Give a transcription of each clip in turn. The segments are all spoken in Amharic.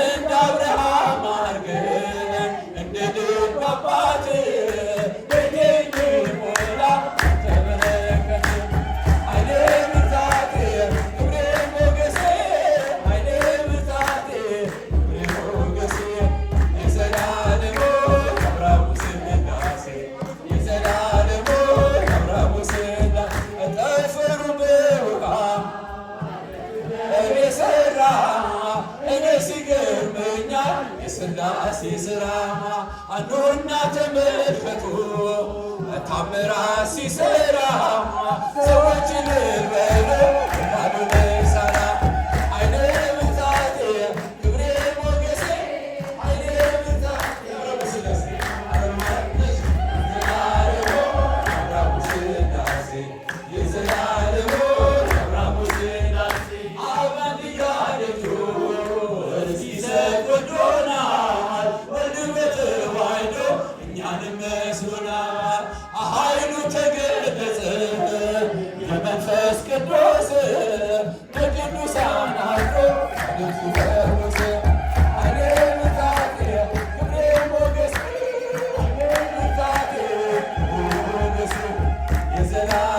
እንደ አብርሃም አድርገን Sarada.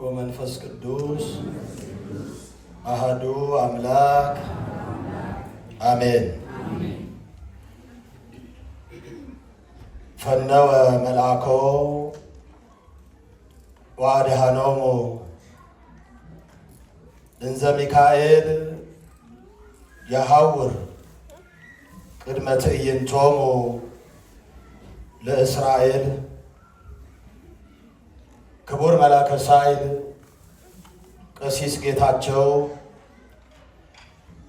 ومن ومنفس قدوس أهدو أملاك آمين فنوى ملعكو وعدها نومو إنزا ميكائيل يهور قدمة تومو لإسرائيل ክቡር መላከ ሳይል ቀሲስ ጌታቸው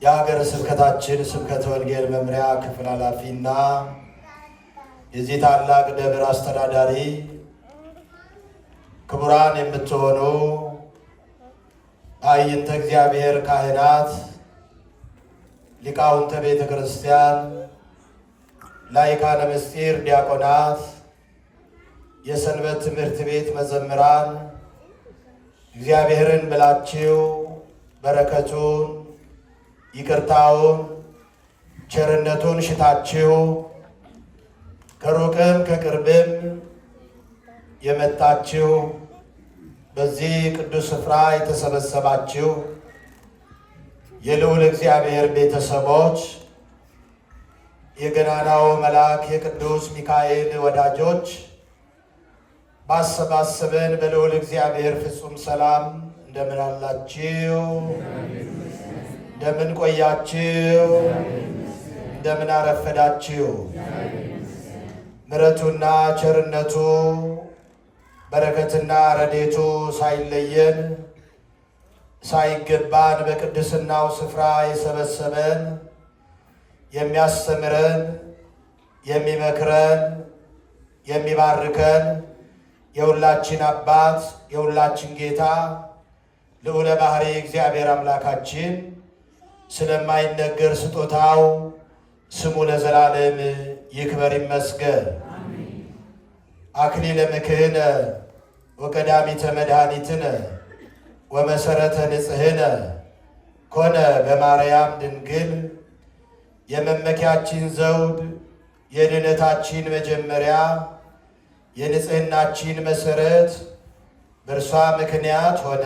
የሀገረ ስብከታችን ስብከተ ወንጌል መምሪያ ክፍል ኃላፊ እና የዚህ ታላቅ ደብር አስተዳዳሪ፣ ክቡራን የምትሆኑ አይንተ እግዚአብሔር ካህናት፣ ሊቃውንተ ቤተ ክርስቲያን፣ ላይካነ ምስጢር ዲያቆናት የሰንበት ትምህርት ቤት መዘምራን እግዚአብሔርን ብላችሁ በረከቱን ይቅርታውን ቸርነቱን ሽታችሁ ከሩቅም ከቅርብም የመጣችሁ በዚህ ቅዱስ ስፍራ የተሰበሰባችሁ የልዑል እግዚአብሔር ቤተሰቦች፣ የገናናው መልአክ የቅዱስ ሚካኤል ወዳጆች ባሰባሰበን በልዑል እግዚአብሔር ፍጹም ሰላም እንደምን አላችሁ? እንደምን ቆያችሁ? እንደምን አረፈዳችሁ? ምረቱና ቸርነቱ በረከትና ረዴቱ ሳይለየን ሳይገባን በቅድስናው ስፍራ የሰበሰበን የሚያስተምረን የሚመክረን የሚባርከን የሁላችን አባት የሁላችን ጌታ ልዑለ ባህሪ እግዚአብሔር አምላካችን ስለማይነገር ስጦታው ስሙ ለዘላለም ይክበር ይመስገን። አክሊለ ምክህነ ወቀዳሚተ መድኃኒትነ ወመሰረተ ንጽህነ ኮነ በማርያም ድንግል የመመኪያችን ዘውድ የድነታችን መጀመሪያ የንጽህናችን መሰረት በእርሷ ምክንያት ሆነ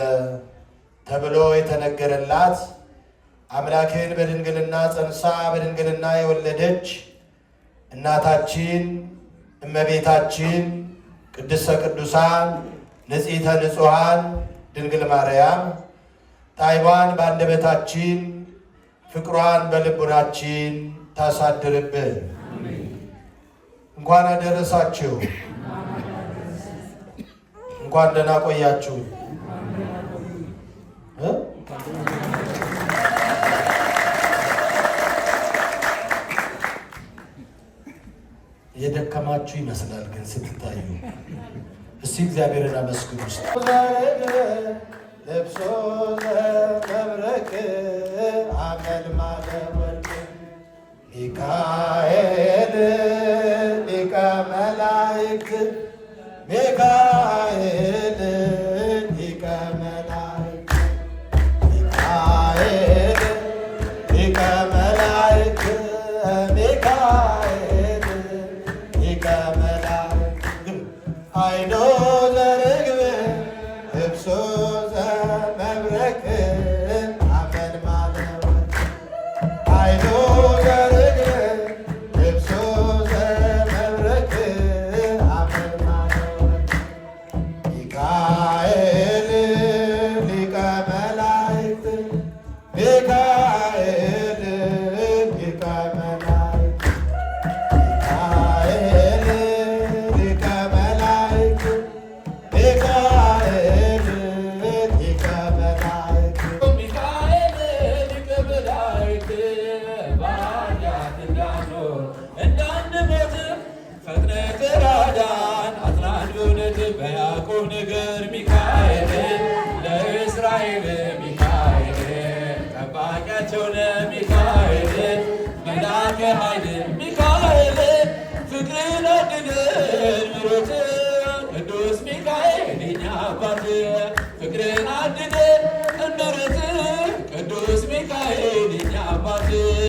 ተብሎ የተነገረላት አምላክን በድንግልና ጸንሳ በድንግልና የወለደች እናታችን እመቤታችን ቅድስተ ቅዱሳን ንጽሕተ ንጹሐን ድንግል ማርያም ታይቧን በአንደበታችን ፍቅሯን በልቡናችን ታሳድርብን። እንኳን አደረሳችሁ። እንኳን ደህና ቆያችሁ። የደከማችሁ ይመስላል ግን ስትታዩ። እስቲ እግዚአብሔርን አመስግኑ። ውስጥ ለብሶ ለመብረቅ አመል ማለወል ንግር ሚካኤል ለእስራኤል ሚካኤል ጠባቂያቸው ለሚካኤል መላከ ኃይል ሚካኤል ፍቅርን አድንል ምሮትን